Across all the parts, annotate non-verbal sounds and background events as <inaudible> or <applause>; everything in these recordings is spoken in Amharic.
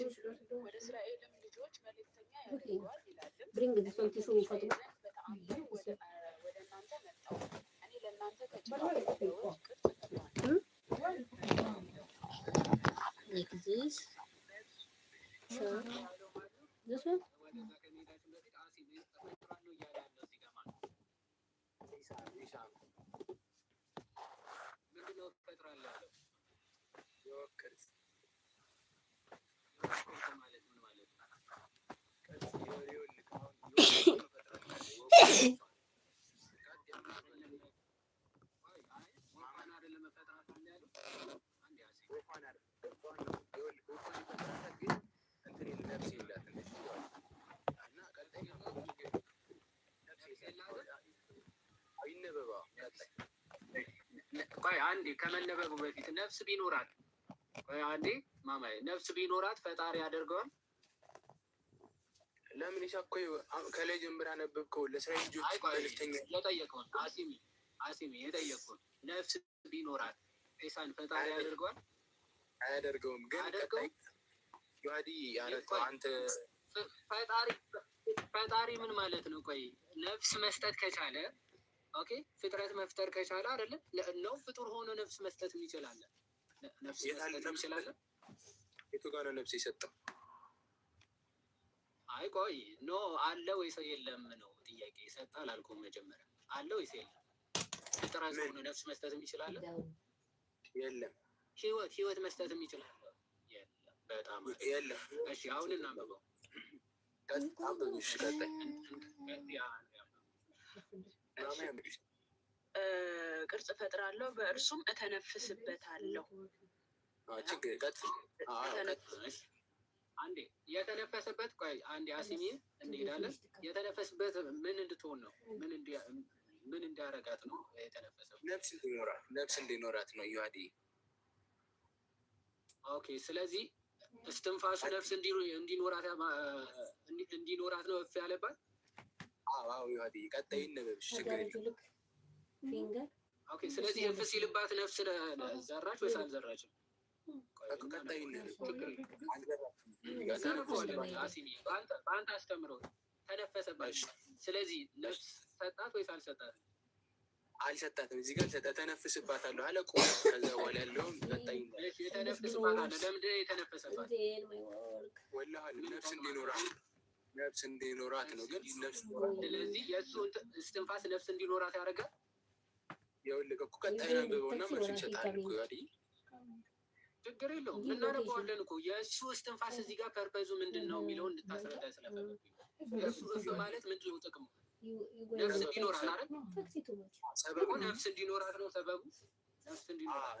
የእስራኤልም ልጆች መልእክተኛ ያደርገዋል ይላል። በተአምር ወደ እናንተ መጣሁ፣ እኔ ለእናንተ ከጭፍሮች ቅርጽ ፈጥራለሁ። Like this. Sure. This one? አንዴ ከመነበቡ በፊት ነፍስ ቢኖራት አንዴ ማማዬ ነፍስ ቢኖራት ፈጣሪ ያደርገዋል። ለምን ይሻ እኮ ከላይ ጀምር አነበብከው። ለስራ ልጆች መልክተኛ የጠየቀውን አሲሚ አሲሚ የጠየቀውን ነፍስ ቢኖራት ኢሳን ፈጣሪ ያደርገዋል አያደርገውም? ግን ቀጣይ ጓዲ አንተ ፈጣሪ ፈጣሪ ምን ማለት ነው? ቆይ ነፍስ መስጠት ከቻለ ኦኬ፣ ፍጥረት መፍጠር ከቻለ አይደለ ነው? ፍጡር ሆኖ ነፍስ መስጠት ይችላል። ነፍስ መስጠት ይችላል። የቱ ጋር ነው ነፍስ የሰጠው? አይ ቆይ ኖ አለ ወይ ሰው የለም ነው ጥያቄ። ይሰጣል አላልኩም መጀመሪያ አለ ወይ ሰው የለም። ጥራ ሰው ነው ነፍስ መስጠት የሚችላለ የለም። ህይወት ህይወት መስጠት የሚችላለ በጣም የለም። እሺ አሁን እናንብበው። ቅርጽ ፈጥራለሁ በእርሱም እተነፍስበታለሁ። ችግር ቀጥ አንዴ የተነፈሰበት ቆይ አንዴ አሲሚን እንሄዳለን። የተነፈስበት ምን እንድትሆን ነው? ምን እንዲያረጋት ነው የተነፈሰበት? ነፍስ እንዲኖራት ነፍስ እንዲኖራት ነው። ዩአዲ ኦኬ። ስለዚህ እስትንፋሱ ነፍስ እንዲኖራት ነው እፍ ያለባት። አዎ ዩአዲ ቀጣይ ነበብሽ ችግር ኦኬ። ስለዚህ እፍ ሲልባት ነፍስ ዘራች ወይስ አልዘራችም? በአንተ አስተምሮ ተነፈሰባቸው። ስለዚህ ነፍስ ሰጣት ወይስ አልሰጣት? አልሰጣትም። እዚህ ጋር ሰጠ ተነፍስባታለሁ አለ ከዛ በኋላ ያለውም ነፍስ እንዲኖራት ነፍስ እንዲኖራት ነው። ግን ነፍስ ስለዚህ የእሱ እስትንፋስ ነፍስ እንዲኖራት ያደርጋል። ይኸውልህ እኮ ቀጣይ አንብበውና መልሱን ይሰጣል እኮ ችግር የለውም እናነበዋለን እኮ የእሱ እስትንፋስ እዚህ ጋር ፐርፐዙ ምንድን ነው የሚለው እንድታስረዳ ስለፈለኩኝ እሱ እሱ ማለት ምንድን ነው ጥቅሙ ነፍስ እንዲኖራት አይደል ሰበቡ ነፍስ እንዲኖራት ነው ሰበቡ ነፍስ እንዲኖራት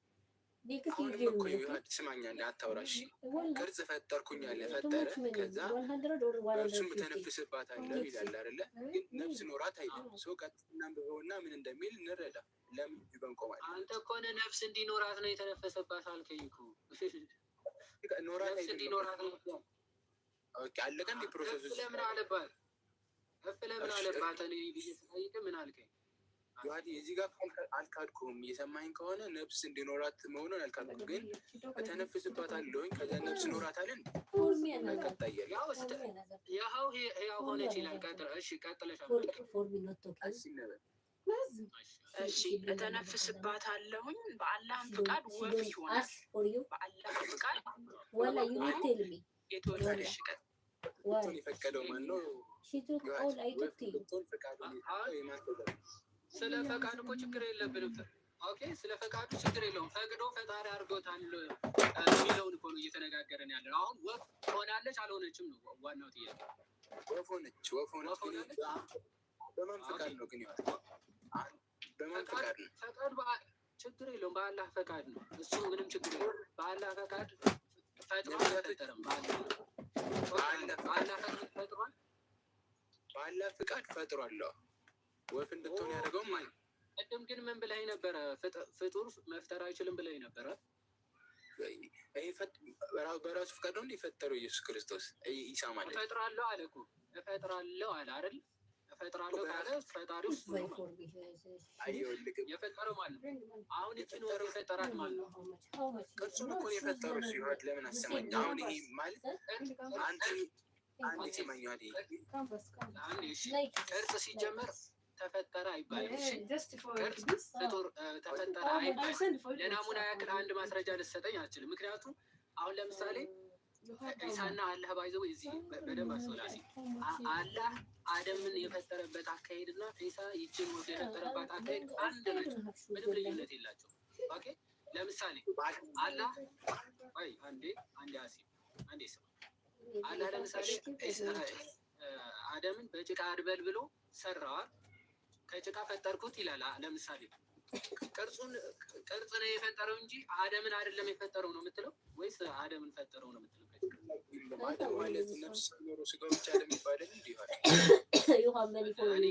ስማኛ እንዳታውራሽ ቅርጽ ፈጠርኩኝ አለ ፈጠረ። ከዛ ኖራት አይልም። ሰው ቀጥታና ምን እንደሚል እንረዳ። ለምን ነፍስ እንዲኖራት ነው የተነፈሰባት <laughs> አለባት ለምን አለባት ብዬ ስጠይቅ ምን አልከኝ? እዚህ ጋር አልካድኩም። እየሰማኝ ከሆነ ነፍስ እንዲኖራት መሆኑን አልካድኩም፣ ግን እተነፍስባታለሁ። ከዚያ ነፍስ ኖራታልን ቀጣያል ያው ሆነች ይላል። እሺ ቀጥለሻል። እሺ እተነፍስባታለሁኝ በአላህም ፍቃድ ወፍ ይሆናል። በአላህም ፍቃድ የተወለደሽ የፈቀደው ማን ነው? ስለ ፈቃድ እኮ ችግር የለብንም። ኦኬ ስለ ፈቃዱ ችግር የለውም። ፈቅዶ ፈጣሪ አድርጎታል የሚለውን እኮ ነው እየተነጋገረን ያለን። አሁን ወፍ ሆናለች አልሆነችም ነው ዋናው ጥያቄ። ወፍ ሆነች፣ ወፍ ሆነች በማን ፈቃድ ነው ግን? በማን ፈቃድ ችግር የለውም። በአላህ ፈቃድ ነው እሱ። ምንም ችግር የለውም። በአላህ ፈቃድ ፈጥሮ አልፈጠረም። በአላህ ፈቃድ ፈጥሯል። በአላህ ፈቃድ ፈጥሯል። ወፍ እንድትሆን ያደርገው ማለት ቅድም ግን ምን ብላይ ነበረ? ፍጡር መፍጠር አይችልም ብላይ ነበረ። በራሱ ፈቃድ ነው የፈጠረው ኢየሱስ ክርስቶስ ኢሳ ማለት እፈጥራለሁ አለ እኮ እፈጥራለሁ አለ አይደል? እፈጥራለሁ ካለ ፈጣሪው የፈጠረው ማለት ነው። አሁን ይችን ወር የፈጠራት ማለት ነው። ቅርጹን እኮ የፈጠሩ ሲሆን ለምን አሰማኝ? አሁን ይሄ ማለት አንድ አንድ ይሰማኛል። ቅርጽ ሲጀመር ተፈጠረ አይባልም። uh, uh, ተፈጠረ አይባልም። ለናሙና uh, ያክል አንድ ማስረጃ ልሰጠኝ አልችልም። ምክንያቱም አሁን ለምሳሌ ኢሳና አላህ ባይዘው እዚህ በደንብ አስተውላሲ አላህ አደምን የፈጠረበት አካሄድ እና ኢሳ ይችን ወደ የፈጠረባት አካሄድ አንድ ናቸው። ምንም ልዩነት የላቸው። ኦኬ ለምሳሌ አላህ ወይ አንዴ አንዴ አሲ አንዴ ሰው አላህ ለምሳሌ አደምን በጭቃ አድበል ብሎ ሰራዋል። ከጭቃ ፈጠርኩት ይላል። ለምሳሌ ቅርጹን ቅርጽ ነው የፈጠረው እንጂ አደምን አይደለም የፈጠረው ነው የምትለው ወይስ አደምን ፈጠረው ነው የምትለው?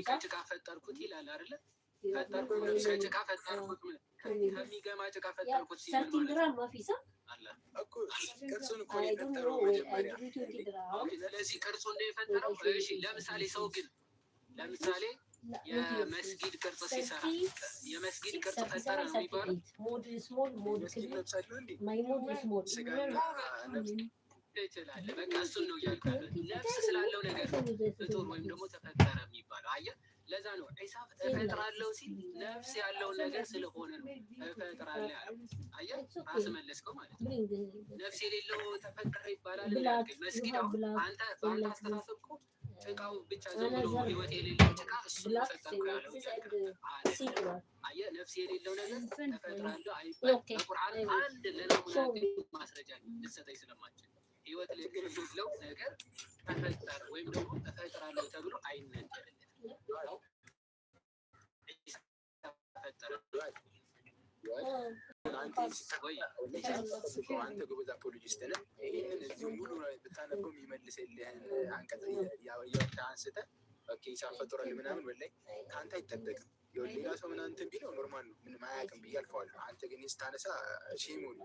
ከጭቃ ፈጠርኩት ይላል አይደለ? ከጭቃ ፈጠርኩት ከሚገማ ጭቃ ፈጠርኩት ሲል ስለዚህ ነው የፈጠረው። ለምሳሌ ሰው ግን ለምሳሌ የመስጊድ ቅርጽ ሲሰራ የመስጊድ ቅርጽ ፈጠረ ነው የሚባለው። ትችላለህ። በቃ እሱን ነው እያልኩ ነፍስ ስላለው ነገር ፍጡር ወይም ደግሞ ተፈጠረ የሚባለው አየህ። ለዛ ነው ዒሳ እፈጥራለሁ ሲል ነፍስ ያለው ነገር ስለሆነ ነው እፈጥራለሁ ያለው። አየህ አስመለስከው ማለት ነው። ነፍስ የሌለው ተፈጠረ ይባላል። መስጊድ አሁን አንተ በአንተ አስተሳሰብ እኮ ጭቃው ብቻ ዝም ብሎ ህይወት የሌለው ጭቃ እሱ ፈጠርኩ ያለው አየህ፣ ነፍስ የሌለው ነገር ተፈጥራለሁ አይባልም። በቁርአን አንድ ለናሙናቴ ማስረጃ ልትሰጠኝ ስለማችል ህይወት የሌለው ነገር ተፈጠር ወይም ደግሞ ተፈጥራለሁ ተብሎ አይነገርለትም። ተፈጠረ አንተ ጎበዝ አፖሎጂስት ነህ። ይህንን እዚሁ ሙሉ ብታነበው የሚመልስልህን አንቀጽ አንስተህ ሂሳብ ፈጥሯል ምናምን በላይ ከአንተ አይጠበቅም። ሌላ ሰው ምናንትን ቢለው ኖርማል ነው፣ ምንም አያውቅም ብዬ አልፈዋለሁ። አንተ ግን ስታነሳ ሼም ሆነ።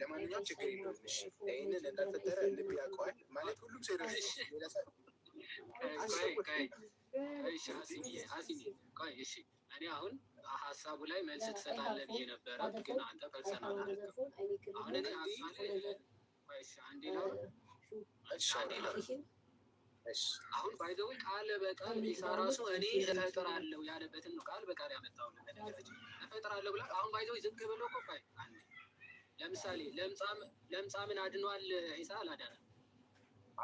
ለማንኛውም ችግር የለውም። ይህንን እንዳልፈጠረ ልብ ያውቀዋል ማለት ሁሉም ሰው ሌላ ሰው አሁን ሀሳቡ ላይ መልስ ትሰጣለህ ብዬ ነበረ፣ ግን አንተ ፐርሰን አሁን እኔ ባይዘዊ ቃል በቃል ሳ ራሱ እኔ እፈጥራለሁ ያለበትን ነው ቃል በቃል ያመጣው እፈጥራለሁ ብላ አሁን ባይዘዊ ዝግ ብሎ እኮ ለምሳሌ ለምጻምን አድኗል፣ ሳ አላዳነም።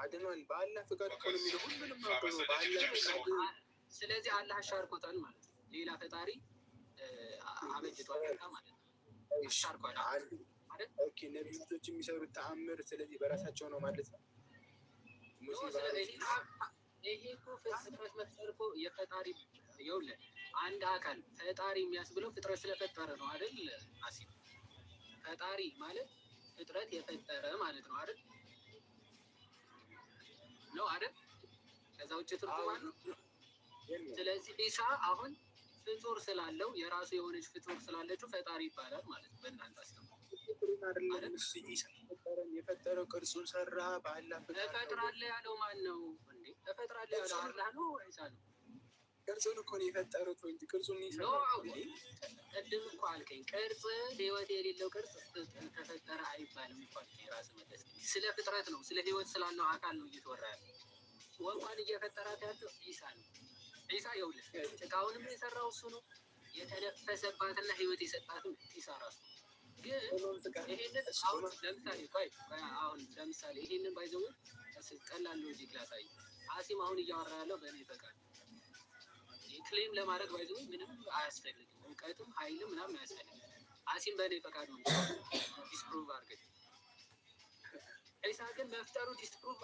አድኗል ባለ ፍቃድ እኮ ነው የሚለው ሁሉንም። ስለዚህ አላህ አሻርኮታል ማለት ነው ሌላ ፈጣሪ ኦኬ የሚሰሩት ተአምር ስለዚህ በራሳቸው ነው ማለት ነው። የፈጣሪ አንድ አካል ፈጣሪ የሚያስብለው ፍጥረት ስለፈጠረ ነው አይደል? አሲ ፈጣሪ ማለት ፍጥረት የፈጠረ ማለት ነው አይደል? ነው አይደል? ከዛ ውጭ ትርጉም አለ። ስለዚህ ኢሳ አሁን ፍጡር ስላለው የራሱ የሆነች ፍጡር ስላለችው ፈጣሪ ይባላል ማለት ነው። በእናንተ አስተምሮ የፈጠረው ሰራ እፈጥራለሁ ያለው ማን ነው እፈጥራለሁ ያለው አላህ ነው ወይስ ነው? ቅርጹን እኮ ነው የፈጠሩት እንጂ ቅርጹን ቅድም እኮ አልከኝ። ቅርጽ ህይወት የሌለው ቅርጽ ተፈጠረ አይባልም ራስ መለስ ስለ ፍጥረት ነው ስለ ህይወት ስላለው አካል ነው እየተወራ ያለ ወንኳን እየፈጠራት ያለው ኢሳ ነው ኢሳ ይኸውልህ፣ ጭቃውንም የሰራው እሱ ነው። የተነፈሰባትና ህይወት የሰጣትም ግን ለምሳሌ ይሄንን ባይዘው ቀላል ሎጂክ ላሳይ። አሲም አሁን እያወራ ያለው በእኔ ፈቃድ ክሌም ለማድረግ ባይዘው ምንም አያስፈልግም። እውቀትም ኃይልም ምናምን አያስፈልግም። አሲም በእኔ ፈቃድ ነው ዲስፕሩቭ አድርገኝ ዒሳ ግን መፍጠሩ ዲስፕሩቭ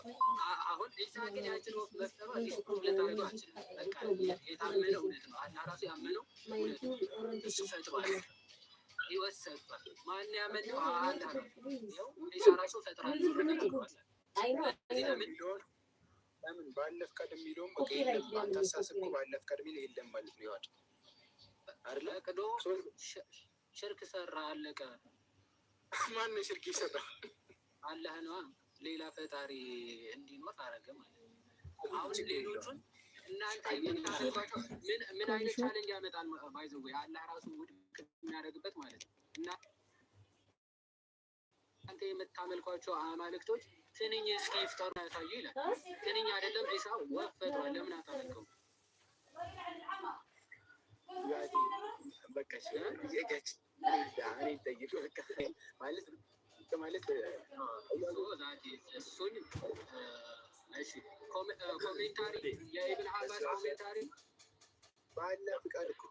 አሁን ዒሳ ግን ያችን ወፍ መፍጠሯ ዲስፕሩቭ ልታደርገው አችልም። በቃ የታመነ እውነት ነው። አላህ ራሱ ያመነው እሱ ፈጥሯል፣ ህይወት ሰጥቷል። ማን ያመነው? አላህ ነው። ይኸው ራሱ ፈጥሯል። ለምን ለምን ባለፍ ቀድም የሚለውም ታሳስብ ባለፍ ቀድሜ የለም ማለት ነው። ይዋድ አለ ቅዶ ሽርክ ሰራ አለቀ። ማን ሽርክ ይሰራ አላህ ነዋ ሌላ ፈጣሪ እንዲኖር አረገ ማለት ነው። አሁን ሌሎቹን እናንተ የምታረጓቸው ምን አይነት ቻለንጅ ያመጣል? ባይዘዌ አላህ ራሱ ውድቅ የሚያደርግበት ማለት ነው። እና እናንተ የምታመልኳቸው አማልክቶች ትንኝ እስኪ ይፍጠሩ ያሳዩ ይላል። ትንኝ አይደለም ሳ ወፈቷል። ለምን አታመልከው? በቃ ይጠይቅ ማለት ነው ማለት ምንድነው ኮሜንታሪ የኢብን ኮሜንታሪ ፍቃድ እኮ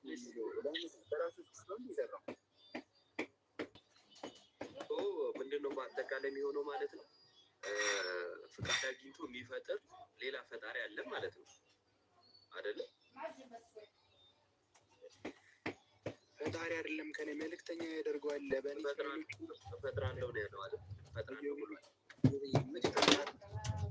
በራሱ ይሰራው ምንድን ነው በአጠቃላይ የሚሆነው ማለት ነው። ፍቃድ አግኝቶ የሚፈጥር ሌላ ፈጣሪ አለን ማለት ነው አይደለም። ባህሪ አይደለም ከኔ መልእክተኛ ያደርገዋል። ለበኒ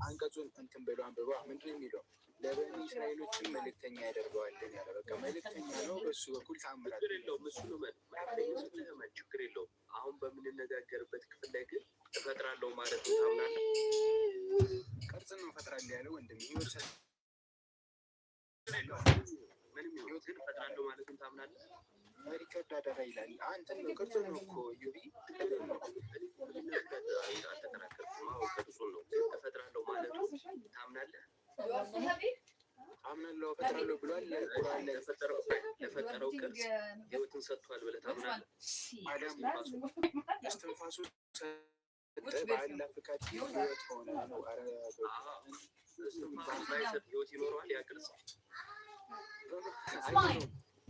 አንቀጹን እንትን ብሎ አንብባ ምንድን የሚለው ለበኒ እስራኤሎችን መልእክተኛ ያደርገዋለን ያለ በቃ መልእክተኛ ነው። በሱ በኩል ታምራት ችግር የለውም። አሁን በምንነጋገርበት ክፍል ላይ ግን እፈጥራለሁ ማለት ነው። ታምናለህ? ቅርጽን ነው እፈጥራለሁ ያለው ወንድም ይወርሳል ምንም ይሁን ግን እፈጥራለሁ ማለትም ታምናለህ? ሪከርድ አደራ ይላል። አንተ ነው ቅርጹን ነው እኮ ዩቢ አምናለሁ እፈጥራለሁ ብሏል። ለፈጠረው ቅርጽ ህይወትን ሰጥቷል ብለህ ታምናለህ? እስትንፋሱ በአላ ፍቃድ ህይወት ሆነ ነው። እስትንፋሱ ባይሰጥ ህይወት ይኖረዋል ያ ቅርጽ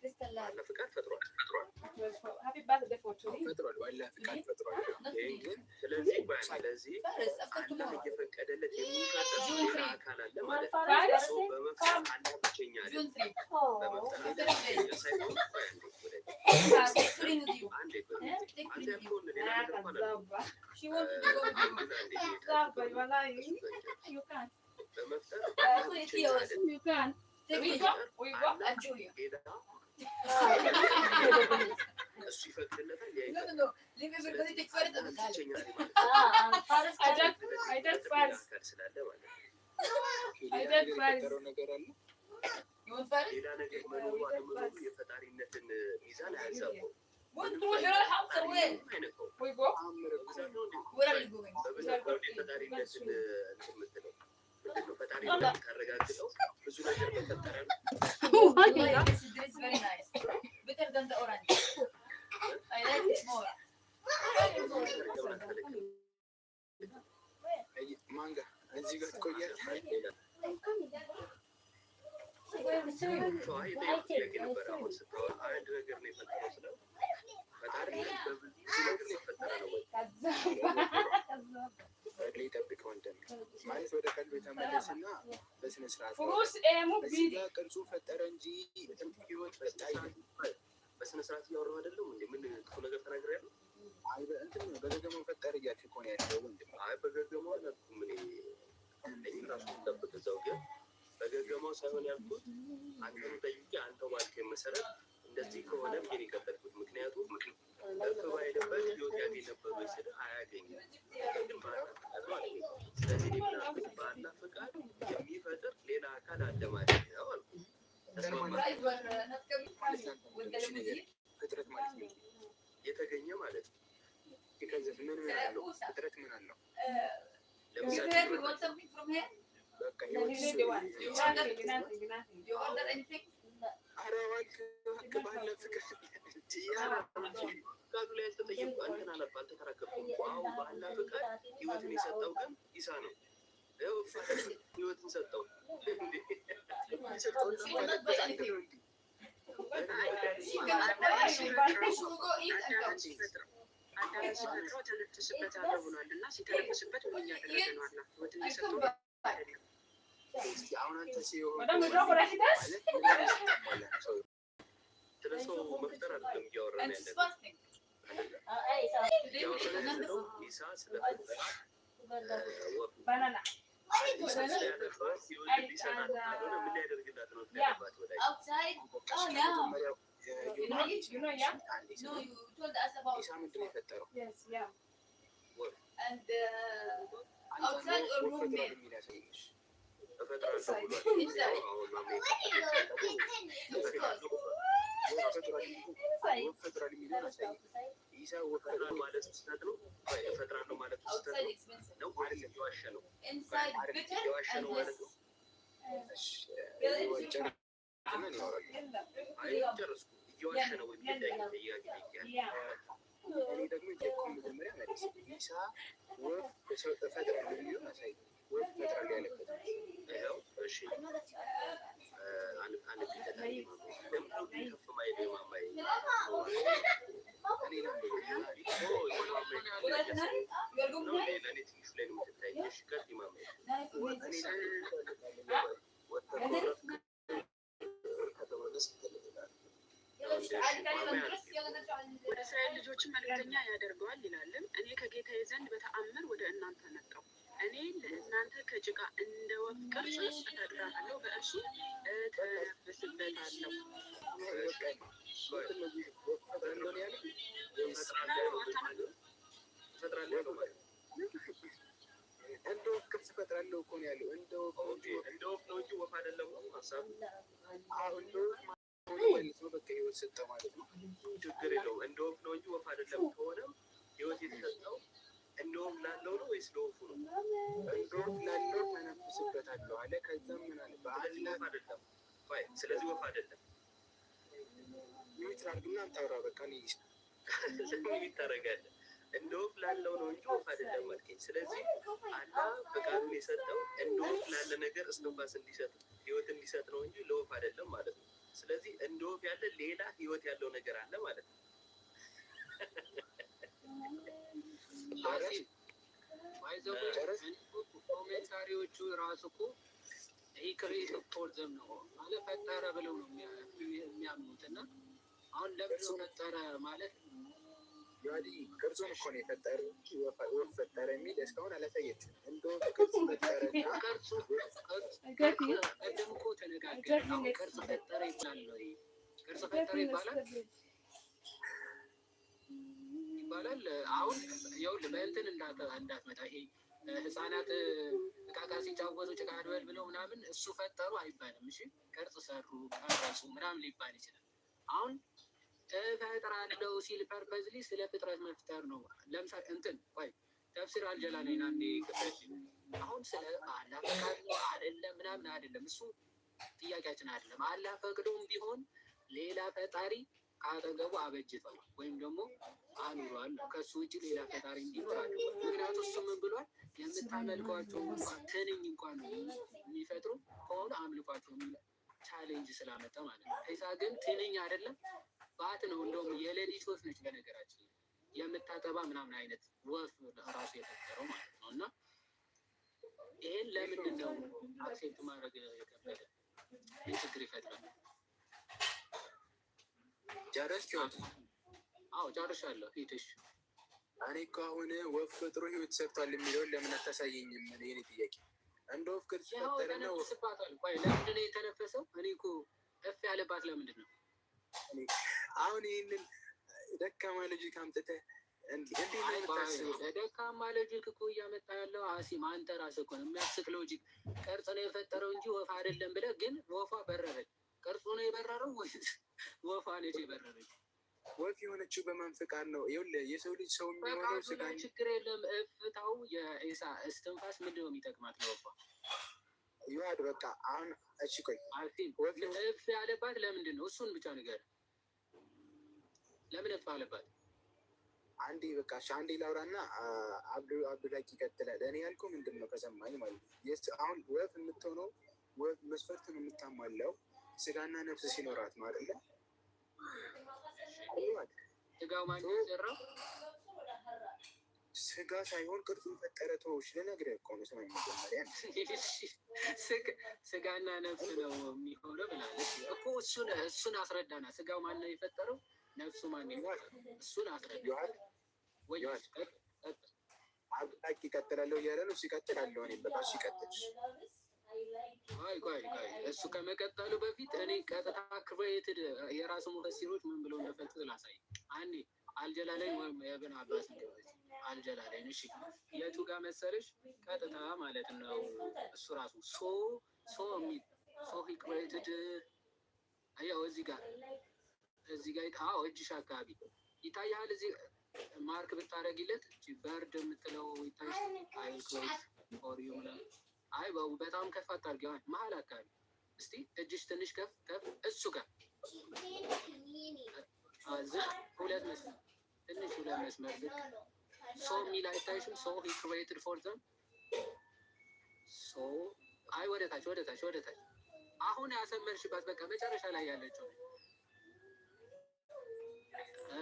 ክሪስተላል ፍቃድ ፈጥሯል ፈጥሯል ዋላ ፍቃድ ፈጥሯል። ይህን ግን ስለዚህ ስለዚህ አላህ እየፈቀደለት የሚንቀሳቀስ ሌላ አካል አለ ማለት ነው። በመፍጠር አላህ ብቸኛ አለ በመፍጠር ብቸኛ ሳይሆን በመፍጠር ሌላ እሱ ይፈቅድለታል። ስላለ ማለት ነው ነገር አለ ሌላ ነገር መኖሩ አለመኖሩ የፈጣሪነትን ሚዛን አያዛባውም። በብዛት ነው እንደ ፈጣሪነትን የምትለው ፈጣሪ ታረጋግጠው ብዙ ነገር በፈጠረ ማንጋ እዚህ ጋር ትቆያለህ። በስነስርዓት ቅርጹ ፈጠረ እንጂ ህይወት መጣ ህይወትን የሰጠው ግን ኢሳ ነው። ህይወትን ሰጠው። አሁን አንተ ሲሆን ስለ ሰው መፍጠር አይደለም እያወራን ያለው ኢሳ ስለ ፈጠራ ወፍ ፈጥራለሁ የሚለውን አሳይ ወፍ ፈጥራለሁ ያለበት ወደ እስራኤል ልጆችን መልእክተኛ ያደርገዋል ይላልን? እኔ ከጌታዬ ዘንድ በተአምር ወደ እናንተ መጣሁ። እኔ እናንተ ከጭቃ እንደ ወፍ ቅርጽ እፈጥራለሁ፣ በእርሱ እጠብስበታለሁ። እንደ ወፍ ቅርጽ እፈጥራለሁ እኮ ነው ያለው። እንደ ወፍ ነው እንጂ ወፍ አይደለም። ሀሳብ እንደ ወፍ ማለት ነው። በቃ ህይወት ሰጠ ማለት ነው። ችግር የለውም። እንደ ወፍ ነው እንጂ ወፍ አይደለም። ከሆነም ህይወት የተሰጠው እንደ ላለው ነው ወይስ ለወፉ ነው? እንደ ላለው ተነፍስበታለሁ አለ። ከዛም ምን አለ? በአላህ አይደለም። ስለዚህ ወፍ አይደለም። ሚዩት አድርግና አንታውራ በቃ ሚዩት ታደርጋለህ። እንደ ላለው ነው እንጂ ወፍ አይደለም አልከኝ። ስለዚህ አላህ ፈቃዱን የሰጠው እንደ ላለ ነገር እስትንፋስ እንዲሰጥ ህይወት እንዲሰጥ ነው እንጂ ለወፍ አይደለም ማለት ነው። ስለዚህ እንደ ያለ ሌላ ህይወት ያለው ነገር ኮሜንታሪዎቹ ራሱ እኮ ይህ ክሬት ቶልዘም ነው አለ ፈጠረ ብለው ነው የሚያምኑት። እና አሁን ለምን ፈጠረ ማለት ያዲ ቅርጹን እኮ ነው የፈጠረ ወፍ ፈጠረ የሚል እስካሁን አላሳየችም። እንደውም ቅርጹ ፈጠረ ቅድም እኮ ተነጋገርን። ቅርጽ ፈጠረ ይባላል ወይ? ቅርጽ ፈጠረ ይባላል ይባላል። አሁን ይኸውልህ በእንትን እንዳትመጣ ይሄ ህጻናት ዕቃ ዕቃ ሲጫወቱ ጭቃ ድበል ብለው ምናምን እሱ ፈጠሩ አይባልም። እሺ ቅርጽ ሰሩ፣ ቀረጹ ምናምን ሊባል ይችላል። አሁን እፈጥራለሁ ሲል ፐርፐዝሊ ስለ ፍጥረት መፍጠር ነው። ለምሳሌ እንትን ቆይ ተፍሲር አልጀላኔን ና ክፍል አሁን ስለ አላህ ፈቃድ አይደለም ምናምን አይደለም፣ እሱ ጥያቄያችን አይደለም። አላህ ፈቅዶም ቢሆን ሌላ ፈጣሪ ከአጠገቡ አበጅቷል ወይም ደግሞ አኑሯል። ከሱ ውጭ ሌላ ፈጣሪ እንዲኖር አለ። ምክንያቱ እሱ ምን ብሏል? የምታመልኳቸው እንኳን ትንኝ እንኳን የሚፈጥሩ ከሆኑ አምልኳቸው የሚል ቻሌንጅ ስላመጣ ማለት ነው። ሳ ግን ትንኝ አይደለም ባት ነው። እንደውም የሌሊት ወፍ ነች በነገራችን የምታጠባ ምናምን አይነት ወፍ ራሱ የፈጠረው ማለት ነው። እና ይህን ለምንድን ነው አክሴፕት ማድረግ የከበደ ችግር ይፈጥራል። ጨረስ አዎ ጨርሻለሁ። ሂድሽ። እኔ እኮ አሁን ወፍ ፍጥሮ ህይወት ሰርቷል የሚለውን ለምን አታሳየኝም? የኔ ጥያቄ እንደ ወፍ ከተፈጠረና ስባታል። ቆይ ለምንድን ነው የተነፈሰው? እኔ እኮ እፍ ያለባት ለምንድን ነው? አሁን ይህንን ደካማ ልጅክ አምጥተህ ደካማ ሎጂክ እኮ እያመጣ ያለው አሲም አንተ ራስህ እኮ ነው። የሚያስቅ ሎጂክ ቅርጽ ነው የፈጠረው እንጂ ወፍ አይደለም ብለህ ግን ወፏ በረረች። ቅርጹ ነው የበረረው ወይስ ወፏ ልጅ የበረረች ወፍ የሆነችው በመንፈቃት ነው። ይኸውልህ የሰው ልጅ ሰው የሚሆነው ስጋ ችግር የለም። እፍታው የኢሳ እስትንፋስ ምንድን ነው የሚጠቅማት ለወፏ? ይዋድ በቃ አሁን እሺ፣ ቆይ እፍ ያለባት ለምንድን ነው? እሱን ብቻ ነገር ለምን እፍ አለባት? አንዴ በቃ አንዴ ላውራና አብዱላቂ ይቀጥላል። እኔ ያልኩ ምንድን ነው ከሰማኝ ማለት አሁን ወፍ የምትሆነው መስፈርትን የምታሟላው ስጋና ነፍስ ሲኖራት ነው ስጋ ሳይሆን ቅርጽ የፈጠረ ተወች ልነግርህ እኮ ነው። ስማ መጀመሪያ ስጋና ነፍስ ነው የሚሆነው ብላለች እኮ እሱን እሱን አስረዳና። ስጋው ማን ነው የፈጠረው? ነፍሱ ማን ይሆናል? እሱን አስረዳ ወይ ይቀጥላለሁ እያለ ነው። ሲቀጥል አለሆን በጣም ሲቀጥል ቆይ ቆይ ቆይ እሱ ከመቀጠሉ በፊት እኔ ቀጥታ ክሬኤትድ የራስ ሙፈሲሮች ምን ብለው እንደፈቱ ላሳይ። አንዴ አልጀላለኝ ወይም የብን አባስ አልጀላለኝ። እሺ የቱ ጋር መሰለሽ? ቀጥታ ማለት ነው እሱ ራሱ ሶ ሶ የሚ ሶ ሂ ክሬኤትድ ያው እዚህ ጋር እዚህ ጋር ታ እጅሽ አካባቢ ይታያል። እዚህ ማርክ ብታደርጊለት በርድ የምትለው ይታይ አይልክሎት ኦር ዩ ምናምን አይ በጣም ከፍ አታርጊዋል። መሀል አካባቢ እስቲ እጅሽ ትንሽ ከፍ ከፍ እሱ ጋር ሁለት መስመር ትንሽ ሁለት መስመር ልክ ሶ የሚል አይታይሽም? ሶ ሂ ክሬትድ ፎር ዘም ሶ አይ ወደ ወደ ታች ታች ወደ ታች አሁን ያሰመርሽባት በቃ መጨረሻ ላይ ያለችው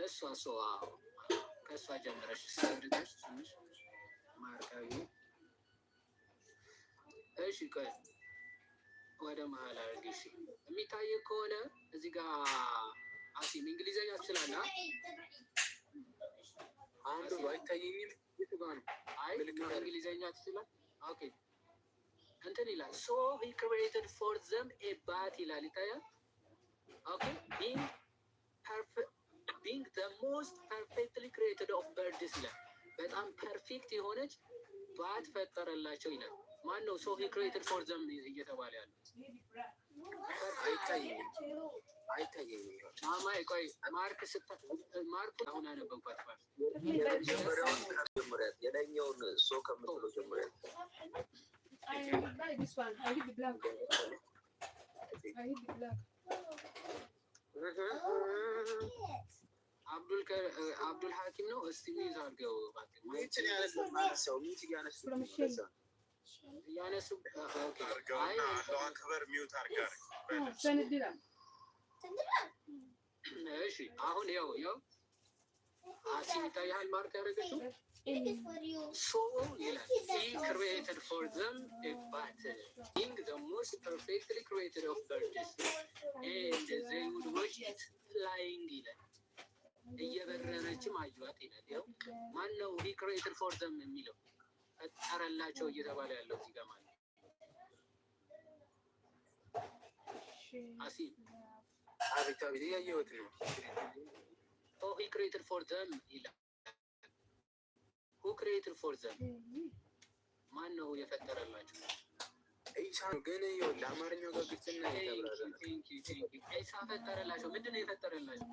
እሷ ሰው ከእሷ ጀምረሽ ስድታች ትንሽ ማርካቢ እሺ ቆይ ወደ መሀል አድርጊ። እሺ የሚታይ ከሆነ እዚህ ጋር አሲም እንግሊዘኛ ትችላለ። አንዱ አይታየኝም። አይ እንግሊዘኛ ትችላል። ኦኬ እንትን ይላል ሶ ሂ ክሬትድ ፎር ዘም ኤ ባት ይላል። ይታያል። ኦኬ ቢንግ ቢንግ ዘ ሞስት ፐርፌክትሊ ክሬትድ ኦፍ በርድስ ይላል። በጣም ፐርፌክት የሆነች ባት ፈጠረላቸው ይላል። ማን ነው ሶ ሂ ክሬትድ ፎር ዘም እየተባለ ያለው? አብዱል ሀኪም ነው። እስቲ ሚዝ አድርገው ሰው ሚዝ ያነሱ አድርገውና አክበር ሚውት አድርጋ እሺ አሁን ያው ያው አሲም ይታያል። ማርክ ያደረገችው ሶ ይላል ክሪኤትድ ፎር ዘም ባትል ኢንግ ዘ ሞስት ፐርፌክትሊ ክሪኤትድ ኦፍ በርድስ ኤንድ ዘይ ውድ ዋች ኢት ፍላይንግ ይላል። እየበረረችም አየዋት ይላል። ያው ማን ነው ሂ ክሪኤትድ ፎር ዘም የሚለው ፈጠረላቸው እየተባለ ያለው እዚህ ጋር ማለት አሲ አብቻ ጊዜ ያየሁት ነው። ኦ ሂ ክሬትድ ፎር ዘም ይላል። ሁ ክሬትድ ፎር ዘም ማን ነው የፈጠረላቸው? ኢሳ ግን ይኸውልህ አማርኛው ጋር ግልጽና ኢሳ ፈጠረላቸው። ምንድን ነው የፈጠረላቸው?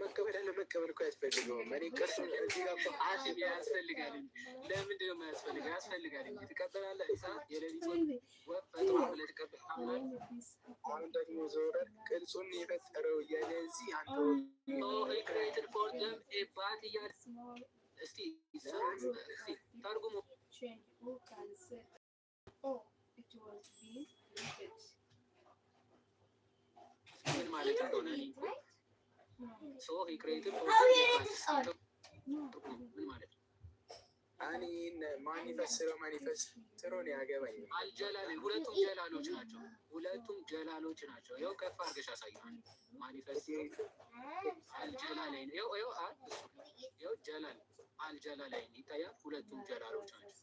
መቀበል ለመቀበል እኮ አያስፈልገውም። እኔ ቅርስ ያስፈልጋል። ለምንድን ነው የማያስፈልገው? ያስፈልጋል። ትቀበላለህ። አሁን ደግሞ ዘወረ ቅርጹን የፈጠረው እያለ እዚህ አንተ ማለት ማን ይፈስረው ማን ይፈስረው ነው ያገባኝ። ሁለቱም ጀላሎች ናቸው። ሁለቱም ጀላሎች ናቸው። ይኸው ከፍ አድርገሽ ማኒፈስት ይኸው ጀላል ይታያል። ሁለቱም ጀላሎች ናቸው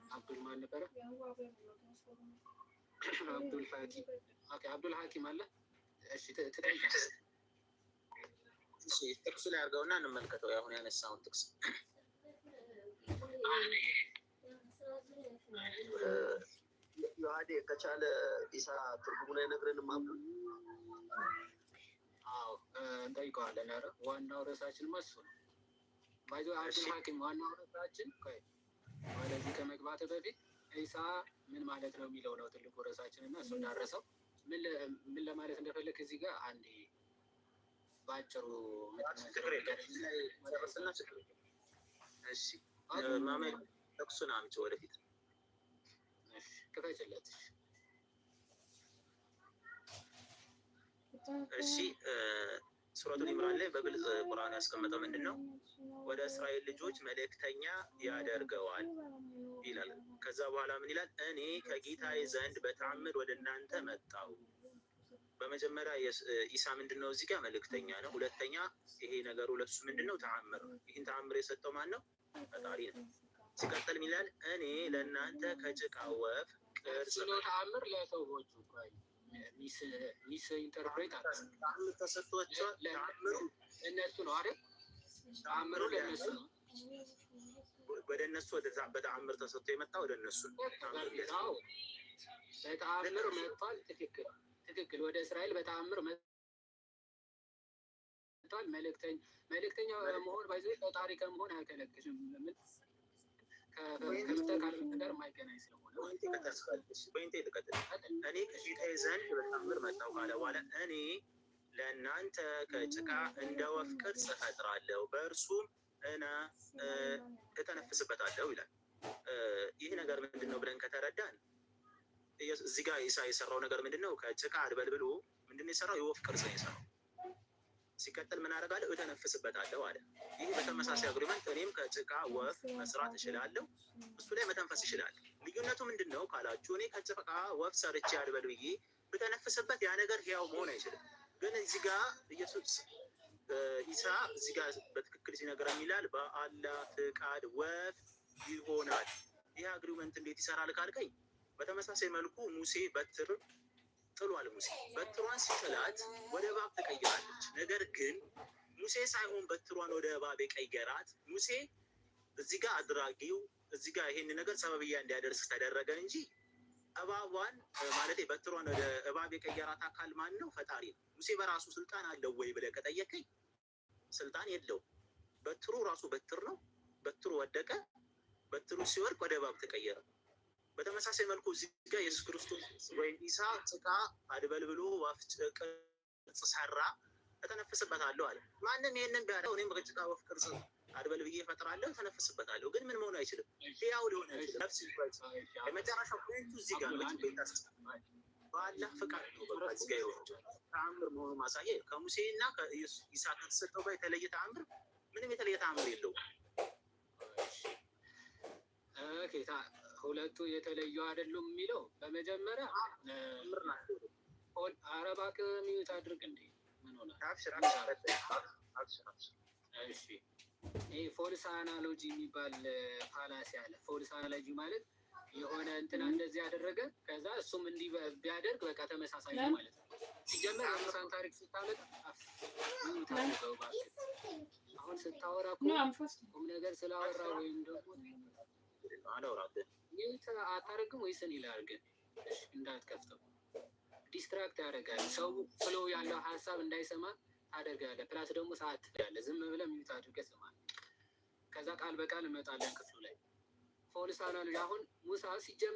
አብዱል ማን ነበረ? አብዱል ሀኪም አብዱል ሀኪም አለ። እሺ ጥቅሱ ላይ አድርገውና እንመልከተው። አሁን ያነሳውን ጥቅስ ዮሐዴ ከቻለ ኢሳ ትርጉሙ ላይ ነግረንም አብዱል እንጠይቀዋለን። ኧረ ዋናው ርዕሳችን መሱ ነው። አብዱል ሀኪም ዋናው ርዕሳችን ወደዚህ ከመግባት በፊት ኢሳ ምን ማለት ነው የሚለው ነው ትልቁ ርዕሳችን እና እሱ እንዳረሰው ምን ለማለት እንደፈለግ እዚህ ጋር አንድ በአጭሩ ጥቅሱን አምጪ ወደፊት ክፈችለት። እሺ ሱረቱል ኢምራን ላይ በግልጽ ቁርአን ያስቀመጠው ምንድን ነው? ወደ እስራኤል ልጆች መልእክተኛ ያደርገዋል ይላል። ከዛ በኋላ ምን ይላል? እኔ ከጌታዬ ዘንድ በተአምር ወደ እናንተ መጣው። በመጀመሪያ ኢሳ ምንድን ነው እዚህ ጋር መልእክተኛ ነው። ሁለተኛ ይሄ ነገሩ ለሱ ምንድን ነው? ተአምር። ይህን ተአምር የሰጠው ማን ነው? ፈጣሪ ነው። ሲቀጥል ምን ይላል? እኔ ለእናንተ ከጭቃ ወፍ ቅርጽ ነው ተአምር ለሰዎቹ ሚስ ኢንተርፕሬት ተሰጥቷቸዋል። እነሱ ነው አይደል? ለእነሱ ነው። ወደ እነሱ በተአምር ተሰጥቶ የመጣ ወደ እነሱ በተአምር መጥቷል። ትክክል ትክክል። ወደ እስራኤል በተአምር መጥቷል። መልእክተኛ መሆን ባይዘ ፈጣሪ ከመሆን አያከለክልም። እኔ ከጌታ ዘንድ መጣሁ ካለ በኋላ እኔ ለእናንተ ከጭቃ እንደ ወፍ ቅርጽ እፈጥራለሁ በእርሱም እና እተነፍስበታለሁ ይላል። ይህ ነገር ምንድን ነው ብለን ከተረዳን እዚህ ጋር ኢሳ የሰራው ነገር ምንድን ነው? ከጭቃ አድበልብሎ ምንድን ነው የሰራው? የወፍ ቅርጽ ነው የሰራው። ሲቀጥል ምን አደርጋለሁ? እተነፍስበታለሁ አለ። ይህ በተመሳሳይ አግሪመንት እኔም ከጭቃ ወፍ መስራት እችላለሁ፣ እሱ ላይ መተንፈስ ይችላል። ልዩነቱ ምንድን ነው ካላችሁ እኔ ከጭቃ ወፍ ሰርቼ አልበል ብዬ ብተነፍስበት ያ ነገር ህያው መሆን አይችልም። ግን እዚህ ጋ ኢየሱስ ኢሳ እዚህ ጋ በትክክል ሲነግረን ይላል በአላ ፍቃድ ወፍ ይሆናል። ይህ አግሪመንት እንዴት ይሰራል ካልከኝ በተመሳሳይ መልኩ ሙሴ በትር ጥሏል ሙሴ። በትሯን ሲጥላት ወደ እባብ ተቀይራለች። ነገር ግን ሙሴ ሳይሆን በትሯን ወደ እባብ የቀየራት ሙሴ እዚህ ጋር አድራጊው እዚህ ጋር ይሄን ነገር ሰበብያ እንዲያደርስ ተደረገ እንጂ እባቧን ማለት በትሯን ወደ እባብ የቀየራት አካል ማን ነው? ፈጣሪ ነው። ሙሴ በራሱ ስልጣን አለው ወይ ብለህ ከጠየቀኝ ስልጣን የለውም። በትሩ ራሱ በትር ነው። በትሩ ወደቀ። በትሩ ሲወርቅ ወደ እባብ ተቀየረ። በተመሳሳይ መልኩ እዚህ ጋር ኢየሱስ ክርስቶስ ወይም ኢሳ ጭቃ አድበልብሎ ወፍ ቅርጽ ሰራ እተነፍስበታለሁ አለ። ማንም ይህንን ቢያደርግ እኔም በጭቃ ወፍ ቅርጽ አድበል ብዬ እፈጥራለሁ እተነፍስበታለሁ፣ ግን ምን መሆኑ አይችልም፣ ሕያው ሊሆን አይችልም። ነፍስ ይባል የመጨረሻ ፖይንቱ እዚህ ጋር ነው። ቤታስ በአላህ ፈቃድ ነው። በቃ እዚህ ጋር ይሆን ተአምር መሆኑ ማሳየ ከሙሴ እና ከኢሳ ከተሰጠው ጋር የተለየ ተአምር ምንም የተለየ ተአምር የለውም። ሁለቱ የተለዩ አይደሉም የሚለው በመጀመሪያ አረባ ከሚዩት አድርግ እንዴ ይህ ፎልስ አናሎጂ የሚባል ፋላሲ አለ። ፎልስ አናሎጂ ማለት የሆነ እንትን እንደዚህ ያደረገ ከዛ እሱም እንዲህ ቢያደርግ በቃ ተመሳሳይ ማለት ነው። ሲጀመር አምሳን ታሪክ ስታመጣ አሁን ስታወራ ቁም ነገር ስላወራ ወይም ደግሞ ይህን አታረግም ወይስ እኔ ላድርግ? እንዳትከፍተው ዲስትራክት ያደርጋል። ሰው ፍሎ ያለው ሀሳብ እንዳይሰማ ታደርጋለህ። ፕላስ ደግሞ ሰዓት ያለ ዝም ብለህ ሚዩት አድርገህ ስማ። ከዛ ቃል በቃል እመጣለን ክፍሉ ላይ ፎልሳና አሁን ሙሳ ሲጀምር